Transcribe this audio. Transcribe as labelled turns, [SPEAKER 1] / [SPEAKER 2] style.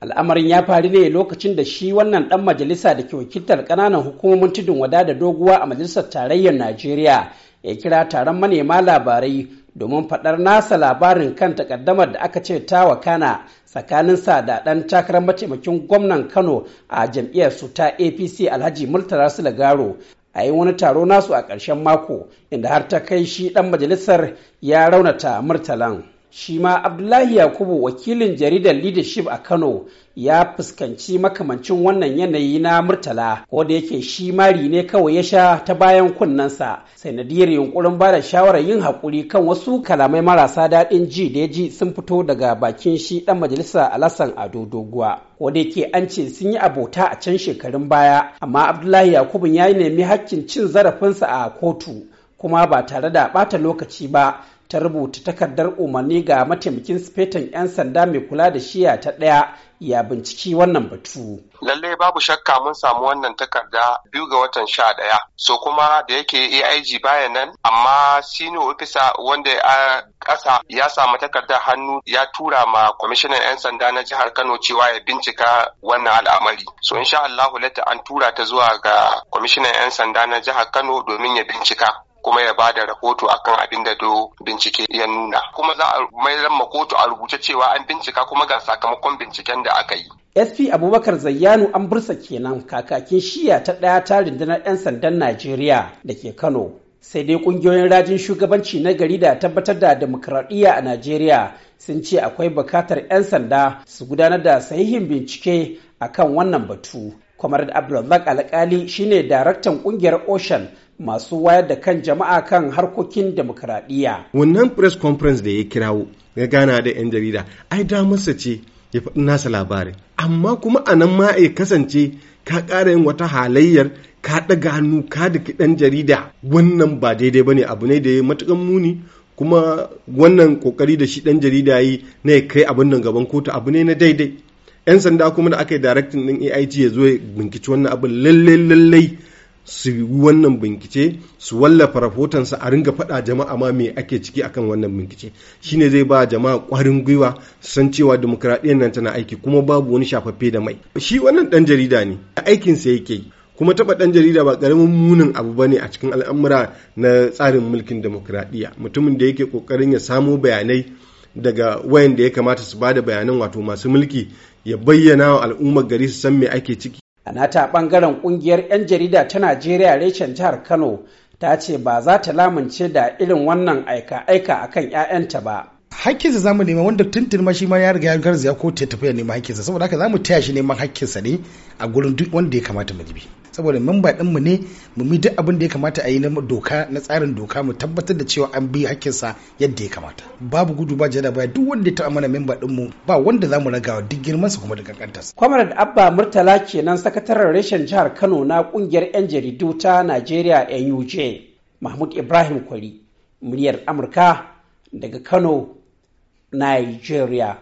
[SPEAKER 1] al'amarin ya faru ne lokacin da shi wannan ɗan majalisa da ke wakiltar kananan hukumomin tudun wada da doguwa a majalisar tarayyar najeriya ya kira taron manema labarai domin faɗar nasa labarin kan takaddamar da aka ce ta wakana tsakanin sa da ɗan takarar mataimakin gwamnan kano a jam'iyyar su ta apc alhaji murtala sulagaro a yi wani taro nasu a ƙarshen mako inda har ta kai shi ɗan majalisar ya raunata murtalan shi ma abdullahi yakubu wakilin jaridar leadership a kano ya fuskanci makamancin wannan yanayi na murtala wanda yake shi mari ne kawai ya sha ta bayan kunnensa sanadiyar yunkurin ba da shawarar yin haƙuri kan wasu kalamai marasa daɗin ji da ya ji sun fito daga bakin shi ɗan majalisa alasan ado doguwa wanda yake an ce sun yi abota a can shekarun baya amma abdullahi yakubu ya yi nemi haƙƙin cin zarafinsa a kotu kuma ba tare da ɓata lokaci ba ta rubuta takardar umarni ga mataimakin sifetan 'yan sanda mai kula da shiya ta ɗaya ya binciki wannan batu.
[SPEAKER 2] Lallai babu shakka mun samu wannan takarda biyu ga watan sha ɗaya. So kuma da yake AIG baya nan amma sino ofisa wanda a ƙasa ya samu takardar hannu ya tura ma kwamishinan 'yan sanda na jihar Kano cewa ya bincika wannan al'amari. So insha Allahu an tura ta zuwa ga kwamishinan 'yan sanda na jihar Kano domin ya bincika. kuma ya ba da rahoto akan abin da do bincike ya nuna kuma za a mai ma kotu a rubuce cewa an bincika kuma ga sakamakon binciken da aka yi
[SPEAKER 1] sp abubakar zayyanu an bursa kenan kakakin shiya ta ɗaya ta rundunar 'yan sandan najeriya da ke kano sai dai kungiyoyin rajin shugabanci na gari da tabbatar da demokradiyya a najeriya sun ce akwai bukatar 'yan sanda su gudanar da sahihin bincike akan wannan batu kwamar abdulrazak alkali shine daraktan kungiyar ocean masu wayar da kan jama'a kan harkokin demokradiyya.
[SPEAKER 3] Wannan press conference da ya kirawo ya gana da 'yan jarida, ai da masa ce ya faɗi nasa labarin. Amma kuma a nan ma ya kasance ka ƙara yin wata halayyar ka ɗaga hannu ka da ɗan jarida wannan ba daidai ba ne abu ne da ya matukan muni kuma wannan ƙoƙari da shi ɗan jarida yi na ya kai abin nan gaban kotu abu ne na daidai 'yan sanda kuma da aka yi directing ɗin aig ya zo ya binkici wannan abin lallai lallai su wannan bincike su wallafa rahotonsa a ringa fada jama'a ma me ake ciki akan wannan bincike shine zai ba jama'a kwarin gwiwa san cewa demokradiyyar nan tana aiki kuma babu wani shafaffe da mai shi wannan dan jarida ne a aikinsa yake kuma taba dan jarida ba karamin munin abu ba ne a cikin al'amura na tsarin mulkin demokradiyya mutumin da yake kokarin ya samo bayanai daga wayan da ya kamata su bada bayanan wato masu mulki ya bayyana wa al'ummar gari su san me ake ciki
[SPEAKER 1] a nata ɓangaren ƙungiyar 'yan jarida ta najeriya reshen jihar kano ta ce ba za ta lamunce da irin wannan aika-aika a kan 'ya'yanta ba hakkinsa za mu nema wanda tuntun ma shi ma ya riga ya garzaya ko ta ya tafi nema hakkinsa saboda haka za mu taya shi neman hakkinsa ne a gurin duk wanda ya kamata mu bi saboda memba ɗinmu ne mu mi duk abin da ya kamata a yi na doka na tsarin doka mu tabbatar da cewa an bi hakkinsa yadda ya kamata babu gudu ba jada baya duk wanda ya taɓa mana memba ɗinmu ba wanda za mu ragawa duk girmansa kuma da kankantarsa. Comrade Abba Murtala kenan sakataren reshen jihar Kano na kungiyar 'yan jaridu ta Najeriya NUJ Mahmud Ibrahim Kwari muryar Amurka daga Kano, Nigeria.